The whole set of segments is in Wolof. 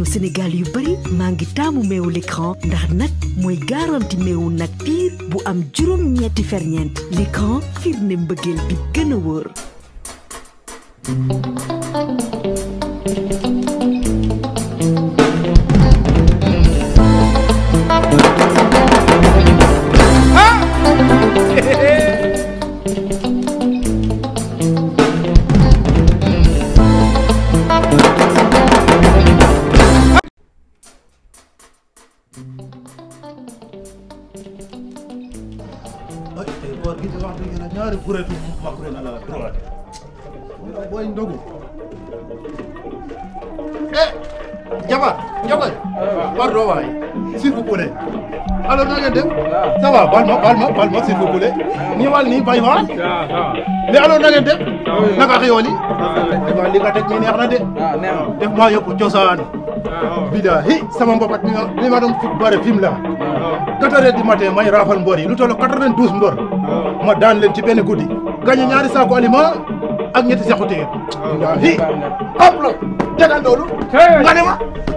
askanu Sénégal yu bari maa ngi taamu meewu l'écran ndax nag mooy garanti meewu nag piir bu am juróom ñetti ferñeent l'écran firnde mbëggeel bi gën kuréetu makkuréel ala droit. booy ndogu. eh. Jabar Jabar. pardon waay. s'il vous plaît. alors na ngeen def. ça va baal ma baal ma baal ma s'il vous nii wàll nii bay ma. mais alors na ngeen def. naka ak yoon yi. li nga teg nii neex na de. def maa yokk cosaan. billahi sama mbapat mi ma doon bare fim la. quatre heures du matin may raafal mbor yi lu toll quatre-vingt-douze mbor ma daan leen ci benn guddi gagné ñaari saako aliment ak ñetti saako téye waaw hi hop la jagal loolu nga ma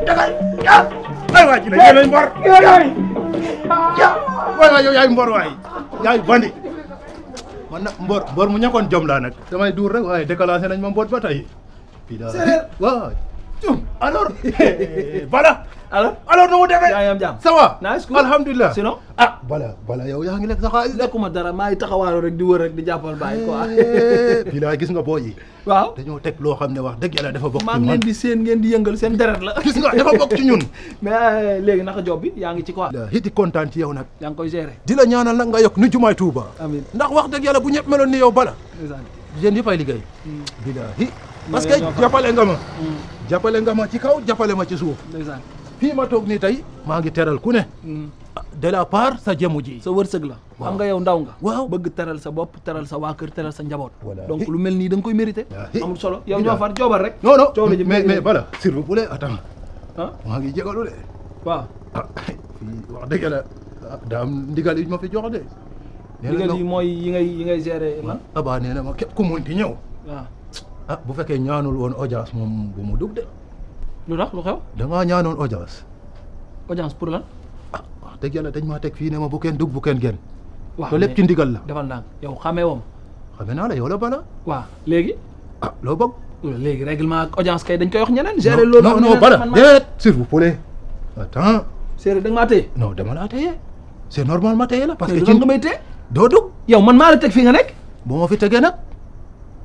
jagal ya ay waa ji la yéen ay mbor ya waay waay yow yaay mbor waay yaay bandi man nag mbor mbor mu ñàkkoon jom laa duur rek waaye déclenché nañ ma mboot ba tey fii daal alors alors nu mu demee. yaa ngi am jàmm ça va. nice cool alhamdulilah sinon. ah ngi lekk sa xaalis. dara maa ngi taxawaaru rek di wër rek di jàppal bàyyi quoi. Eh, eh, fii laa gis nga boo yi. waaw dañoo teg loo xam ne wax dëgg yàlla dafa bokk ci ñun. maa ngi leen di di yëngal seen deret la. gis nga dafa bokk ci ñun. mais naka job bi yaa ngi ci quoi. hiti kontaan ci yow nag. yaa ngi koy gérer. di la ñaanal nag nga yokk nu jumaay Tuuba. amiin wax dëgg yàlla bu ñëpp meloon ni yow bala. jeunes yi fay liggéey. Mm. bilahi parce que jàppale nga ma. Mm. jàppale nga ma ci kaw japale ma ci suuf. fii ma toog nii tey maa ngi teral ku ne mm. de la sa jëmu ji sa wërsëg la am nga yow ndaw nga waaw bëgg teral sa bopp teral sa waa teral sa njaboot donc lu mel nii da nga koy mérité ah, amul solo yow ñoo far joobal rek non non coow la mais mais voilà s'il vous plaît attends ah maa ngi jégalu de waaw ah, wax dëgg la ah, daa am ndigal yi ma fi jox de ndigal yi mooy yi ngay yi ngay gérer man abaa nee na ma képp ku munti ñëw waaw bu fekkee ñaanul woon audience moom bu mu dugg de lu tax lu xew. da ngaa ñaanoon audience. audience pour lan. a ah, wax ah, dëgg yàlla dañ maa teg fii ne ma bu kenn dugg bu kenn génn. waaw te lépp ci ndigal la. defal ndànk yow xamee woom. xamee naa la yow la bala. waaw léegi. ah loo bëgg. léegi règlement ak audience kay dañ koy wax ñeneen. gérer loolu non non bala déet s'il vous plaît. attends. séeréer da nga maa téye. non dama laa téye c'est normal ma téye la. parce que ci nga may téye doo dugg. yow man maa la teg fii nga nekk. boo ma fi tegee nag.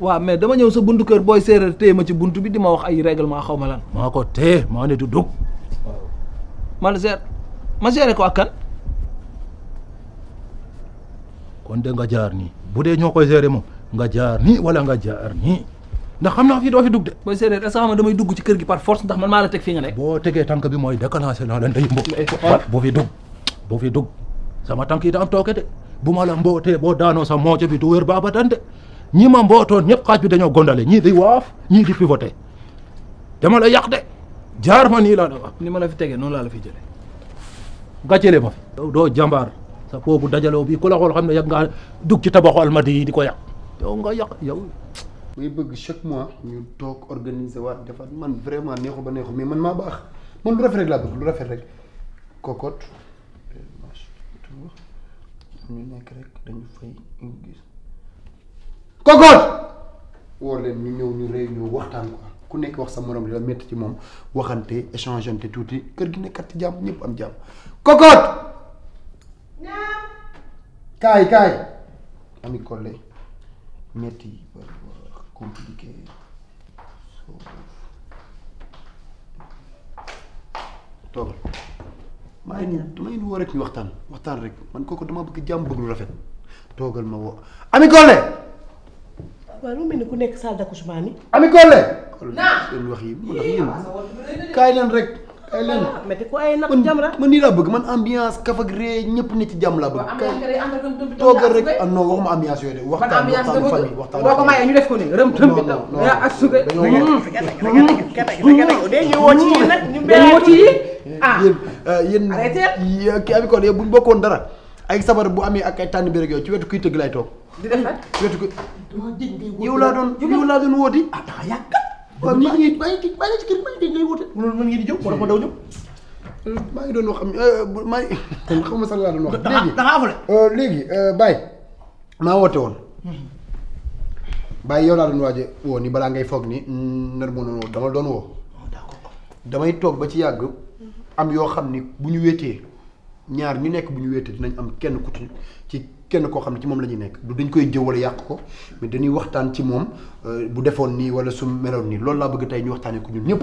waaw mais dama ñëw sa buntu kër booy séeréer téye ma ci buntu bi di ma wax ay règlement xaw ma lan. maa ko téye maa ne du dugg. waaw man seet ma géré ko ak kon de nga jaar nii bu dee ñoo koy géré moom nga jaar nii wala nga jaar nii ndax xam naa fii doo fi dugg de. booy séeréer est-ce que xam damay dugg ci kër gi par force ndax ma maa la teg fii nga nekk. boo tegee tànk bi mooy déclenché naa la ndey mbo. bu fi dugg bu fi dugg sama tànk yi da am tooke de bu ma la mbootee boo daanoo sa mooco bi du wér ba abadan de ñii ma mbootoon ñëpp xaaj bi dañoo gondale ñii di waaf ñii di pivoté dama la yàq de jaar ma nii laa la ni ma la fi tegee noonu laa la fi jëlee. gàccele ma fi. doo jàmbaar sa foofu dajaloo bi ku la xool xam ne yàgg ngaa dugg ci tabaxu almadi yi di ko yàq yow nga yàq yow. may bëgg chaque mois ñu toog organiser waat defar man vraiment neexu ba neexu mais man maa baax man lu rafet rek laa bëgg lu rafet rek cocotte. kokoon woo leen ñu ñëw ñu réunion waxtaan ko ku nekk wax sa morom li la métti ci moom waxante échange tuuti kër gi nekkat ci jàmm ñépp am jàmm kokoon kaay kaay ami collègue métti maa ngi damay woo rek ñu waxtaan waxtaan rek man kooku dama bëgg jàmm bëgg lu rafet toogal ma woo ami collègue waaw lu mel nekk salle d'accouchement ni ami Kole. naa wax yi mu ndax kaay leen rek. kaay leen metti ko nag man nii laa bëgg man ambiance kaf ree ñëpp nit ci jàmm laa bëgg. kaay toogal rek a ah, non waxuma ambiance yooyu de. waxtaan waxtaanu famille waxtaan boo ko mayee ñu def ko bokkoon dara ay sabar bu amee ak ay tànn bi ci wetu kuy tëgg lay toog di def nag yow laa doon yow laa ngi maa ngi maa ngi ci kër maa ngi dégg laa doon wax léegi danga euh, léegi euh, Baye maa woote woon Baye yow laa doon waaje woo ni balaa ngay foog ni mm, nar mu noonu dama doon woo oh, damay toog ba ci yàgg am yoo xam ni bu ñu wéetee ñaar ñu nekk bu ñu wéetee dinañ am kenn ku kenn koo xam ne ci moom la ñuy nekk du dañ koy jëw wala yàq ko mais dañuy waxtaan ci moom euh, bu defoon nii wala su meloon nii loolu laa bëgg tey ñu waxtaanee ko ñun ñëpp.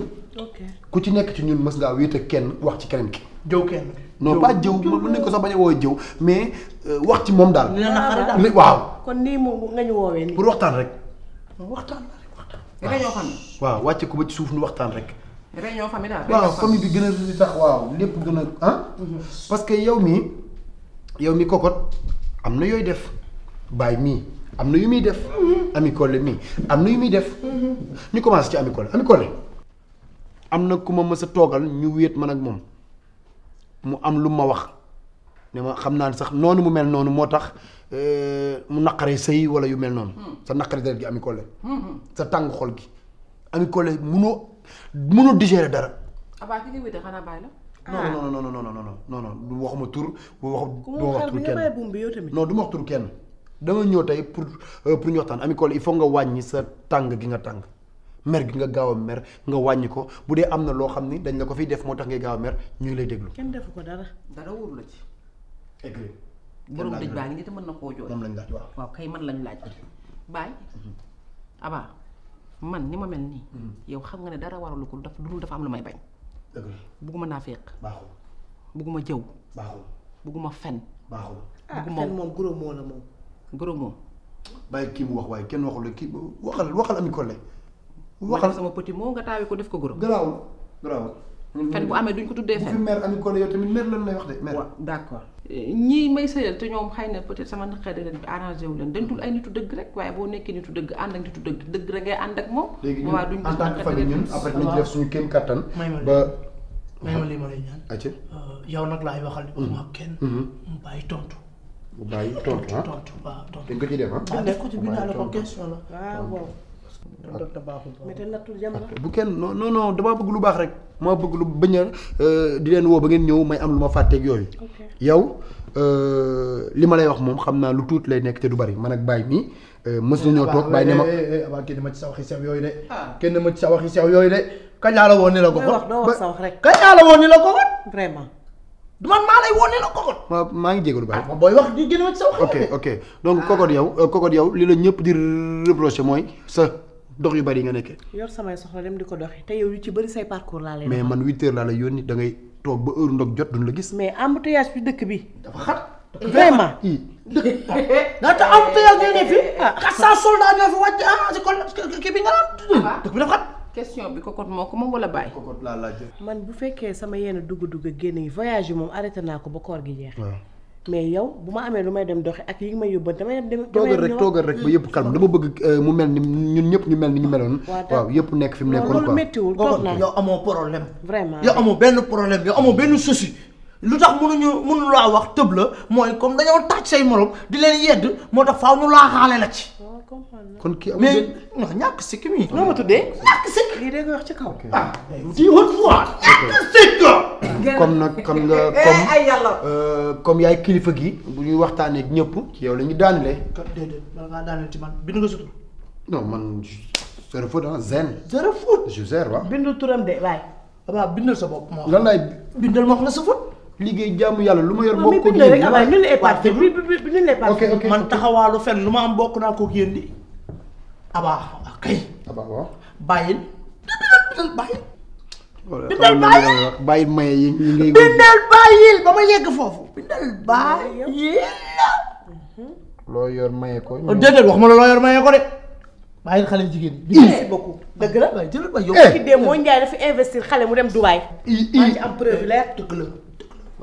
ku ci nekk ci ñun mës ngaa wéet ak kenn wax ci keneen ki. jëw kenn non pas jëw mën nañ ko sax bañ a woowee jëw mais euh, wax ci moom daal. waaw kon nii moom nga ñu woowee nii. pour waxtaan rek. waxtaan rek waxtaan. waaw wàcce ko ba ci suuf nu waxtaan rek. réunion famille daal waaw famille bi gën a tax waaw lépp gën a ah. Mhm. parce que yow mii yow mi kokot am na yooyu def baay mii am na yu muy def. Ami mii am na yu muy def. ñu commencé ci amicole Collé am na ku ma mës a toogal ñu wéet man ak moom mu am lu ma wax ne ma xam naa ne sax noonu mu mel noonu moo tax euh, mu naqare sëy wala yu mel noonu. Hmm. sa naqare deret gi Ami hmm. sa tàng xol gi Ami Collé munoo munoo digérer dara. abaa Ah. non non non non non non non waxuma tur. waxuma wax tur kenn non du ma wax tur kenn. dama ñëw tey pour euh, pour ñu waxtaan Ami Collé il faut nga wàññi sa tàng gi nga tàng mer gi nga gaaw a mer nga wàññi ko bu dee am na loo xam ni dañ la ko fi def moo tax ngay gaaw a mer ñu lay déglu. kenn defu ko dara dara wóoru la ci. egg borom dëj baa ngi nii te na koo jooy. moom lañ laaj waaw waaw man lañ laaj. Mm-hmm. Baye. Mm-hmm. Aba man ni ma mel nii. Mm-hmm. yow xam nga ne dara waralu ko lu dul dafa am lu may bañ. dëgg la bugguma naafeeq. baaxul bugguma jëw. baaxul bugguma fen. baaxul ah, bugguma fen moom goro moo la moom. goro moom. bàyyi kii mu wax waaye kenn waxul kii waxal waxal ami collé. waxal sama petit moo nga taawee ko def ko goro. garaawul garaawul. ñun fen bu amee duñ ko tuddee fen. bu fi mère yow tamit mère lan lay wax de. mère d'accord. ñii may sëyal te ñoom xëy na peut-être sama naqare ren bi arrangé wu leen dañ dul ay nitu dëgg rek waaye boo nekkee nitu dëgg ànd ak nitu dëgg dëgg rek ngay ànd ak moom. léegi ñun en tant que famille ñun après nañ def suñu kéem kattan. ba may ma lii ma lay ñaan. acca uh, yow nag laay waxal. ma mm-hmm. kenn. Mm-hmm. mu bàyyi tontu. mu bàyyi tontu ah tontu waaw tontu. dañ ko ci def ah. ko ci bind la ko question la waaw. bu kenn non non non damaa bëgg lu baax rek maa bëgg lu bañ a euh, di leen woo ba ngeen ñëw may am lu ma fàtteeg yooyu yow euh, li ma lay wax moom xam naa lu tuuti lay nekk te du bari man ak Baye mi euh, mës nañoo toog Baye ne ma waaw ma ci sa waxi sew yooyu de ah. kenn ma ci sa waxi sew yooyu de kañ laa la woon ni la ko kañ laa la la ko vraiment man maa lay wone la kokot waaw maa ngi jégalu lu ah, booy wax di gën a sa wax ok ok donc kokot ah. yow kokot yow li la ñëpp di reproché mooy sa dox yu bari nga nekkee. yor samay soxla dem di ko doxi te yow yu ci bëri say parcours laa lay mais man huit heures laa la yónni da ngay toog ba heure ndog jot duñ la gis. mais embouteillage bi dëkk bi. dafa vraiment. dëkk ah te embouteillage ngay ne fii ah, ah bi nga naan ah. dëkk dafa xat. question bi cocotte moo ko moom wala bàyyi. cocotte laa laajte. man bu fekkee sama yenn dugg-dugg génn yi voyage yi moom arrêté naa ko ba koor gi jeex. mais yow bu ma amee lu may dem doxi ak yi may yóbbu damay dem. damay toogal rek toogal rek ba yëpp calme dama bëgg euh, mu mel ni ñun ñëpp ñu mel ni ñu meloon. waaw yëpp nekk fi mu nekkoon ko loolu méttiwul toog naa yow amoo problème. vraiment yow amoo benn problème yow amoo benn souci. lu tax mënuñu mënu laa wax tëb la mooy comme dañoo taaj say morom di leen yedd moo tax faaw ñu laaxaale la ci. kon kii amul mais non ñàkk sikki mi. noo ma tuddee ñàkk sikki. lii dégg nga wax ci kaw. ah di haute voix. ñàkk sikki. comme nag xam nga eh, comme ay yàlla. Euh, comme yaay kilifa gi bu ñuy waxtaanee ak ñëpp ci yow la ñu daanelee. déedéet bala ngaa daaneel ci man bind nga sutur. non man zéro foot ah zen. zéro foot je zère waaw. bindu turam de waaye. waaw bindal sa bopp moo. lan laay bindal ma wax la sa foot. liggéey jaamu yàlla lu ma yor bokk ko rek abay ñu lay parti bi bi ñu lay parti man taxawaalu fenn lu ma am bokk naa ko yéen di abaa kay abaa waaw bàyyil bindal bàyyil bindal bàyyil bàyyil maye yi yi ngay bindal bàyyil ba ma yegg foofu bindal bàyyil loo yor maye ko oh, déedéet wax ma la loo yor maye ko de bàyyil xale jigéen bi eh. merci beaucoup dëgg la waaye jëlal ba yow eh. ki dee moo njaay dafa investir xale mu dem Dubaay maa ci am preuve leer dëgg la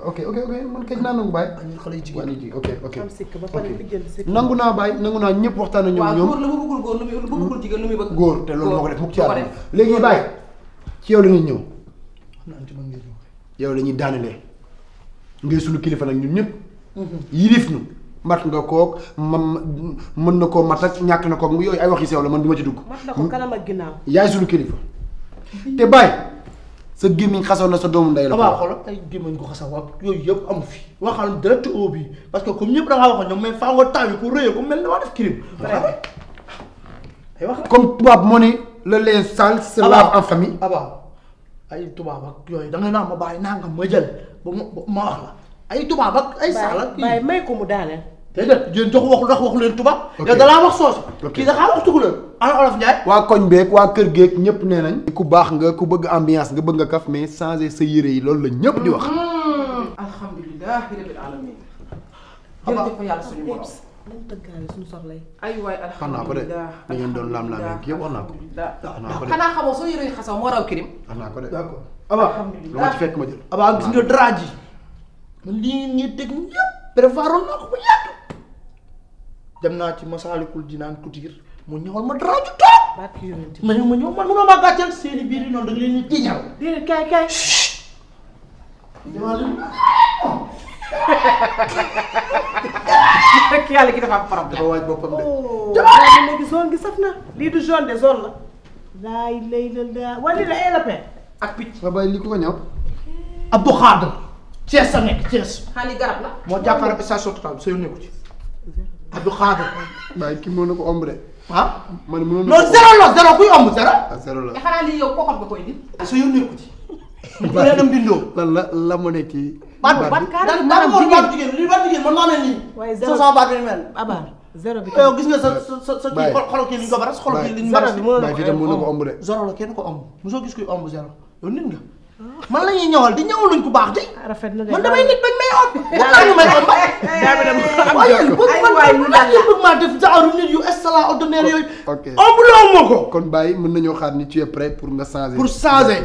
ok ok ok man kañ naa nangu baay. xale yu jigéen ñi ok ok. am sikk ba pare lijjanti sikk. nangu naa baay nangu naa ñëpp waxtaan ak ñoom. waaw góor la mu bëggul góor lu muy te loolu moo ko def mukk ci àdduna léegi baay ci yow la ñuy ñëw. yow la ñuy ngay sunu kilifa nag ñun ñëpp. Mhm. yilif ñu mat nga koog man mën na koo mat ak ñàkk na koog yooyu ay wax yu sew la man du ma ci dugg. mat na ko kanam ak ginnaaw. yaay sunu kilifa mhm. te baay sa gémmiñ xasoon na sa doomu ndey la. waaw xoolal ay gémmiñ ko xasaw ak yooyu yëpp amu fi. waxal direct au bi parce que comme ñëpp da ngaa waxoon ñoom mais faa nga taal ko rëyee ko mel ne waa def crime. comme tubaab moo ne le linge sale se lave en famille. aba ay tubaab ak yooyu da nga naan ma bàyyi naa nga ma jël ba ma wax la ay tubaab ak ay. sale ak may ko mu daaneel. déedéet yéen jox waxu ndax waxu leen tubaab. yow da laa wax soose. kii da wax tukulóor ana olof waa koñ beeg waa kër geeg ñëpp nee nañ. ku baax nga ku bëgg ambiance nga bëgg nga kaf mais changer sa yére yi loolu la ñëpp di wax. Mm-hmm. alhamdulilah rabbil alamin. jërëjëf fa yàlla suñu borom. lan tëggaale suñu soxla yi. aywaay alhamdulilah xam naa ko de da ngeen doon laam-laamee ak yëpp wax naa ko. alhamdulilah xanaa xamoo soo yore xasaw moo raw kirim. wax naa ko de lii ñuy teg ñëpp prévoir na ko bu yàgg dem naa ci Masaalikul Jinaan Couture mu ñëwal ma dara ju toog. ma ñëw ma ñëw man munoo ma gàcceel seeni biir yi noonu da nga leen di tiñal. déedéet kay kay. rek yàlla ki dafa am problème. dafa waaj boppam oh, na. lii du zone de la. laay lay la laa wala lii la élapé. Eh, ak picc. sa bay li ko ko ñëw. Abdou Khadre. Thiès a nekk Thiès. xaalis garab la. moo jàppale station Total bi sooy nekku ci. Abdou Khadre. waaye kii mën na ko omb de. ah man mënoon na ko loolu zéro la zéro kuy omb zéro. ah zéro la te xanaa lii yow kooku nga koy indi. su yow nekku ci. baax na bindoo. lan la la mu ne kii. baat baat kaara baat jigéen baat jigéen lii baat jigéen man maa mel nii. waaye zéro sa baat bi mel. abaar zéro bi. yow gis nga sa sa sa kii xolo kii liñ ko baras xolo kii liñ baras. zéro bi mënoon na ko omb de. zéro la kenn ko omb mosoo gis kuy omb zéro yow nit nga. man la ñuy ñëwal di ñëwul luñ ku baax di. Ah, rafet na man damay nit bañ may ëpp. yaa ngi may am nit yu extraordinaire yooyu. ok ëmb ma ko. kon Baye mën nañoo xaar ni tu pour nga changer. pour changer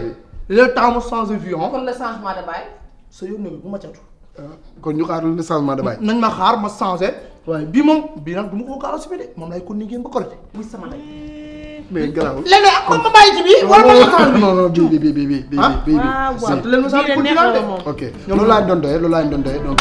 le temps mu changer kon le changement de Baye. ma catu. Ah, kon ñu xaar le changement de Baye. nañ ma xaar ma changer. waaye bii moom bii nag du ma ko gaaw a subit de moom laay continuer ba muy sama lay. mais garaaw léeg-léeg ak ma bàyyi ci bii. wala laa doon doyee loolu euh, ah,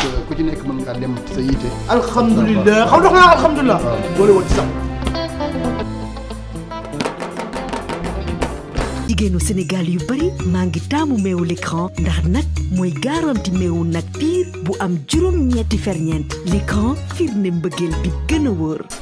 yu bari maa ngi taamu meewu l'écran ndax nag mooy garanti meewu nag piir bu am juróom-ñetti ferñeent l'écran firnde mbëggeel bi gën a wóor.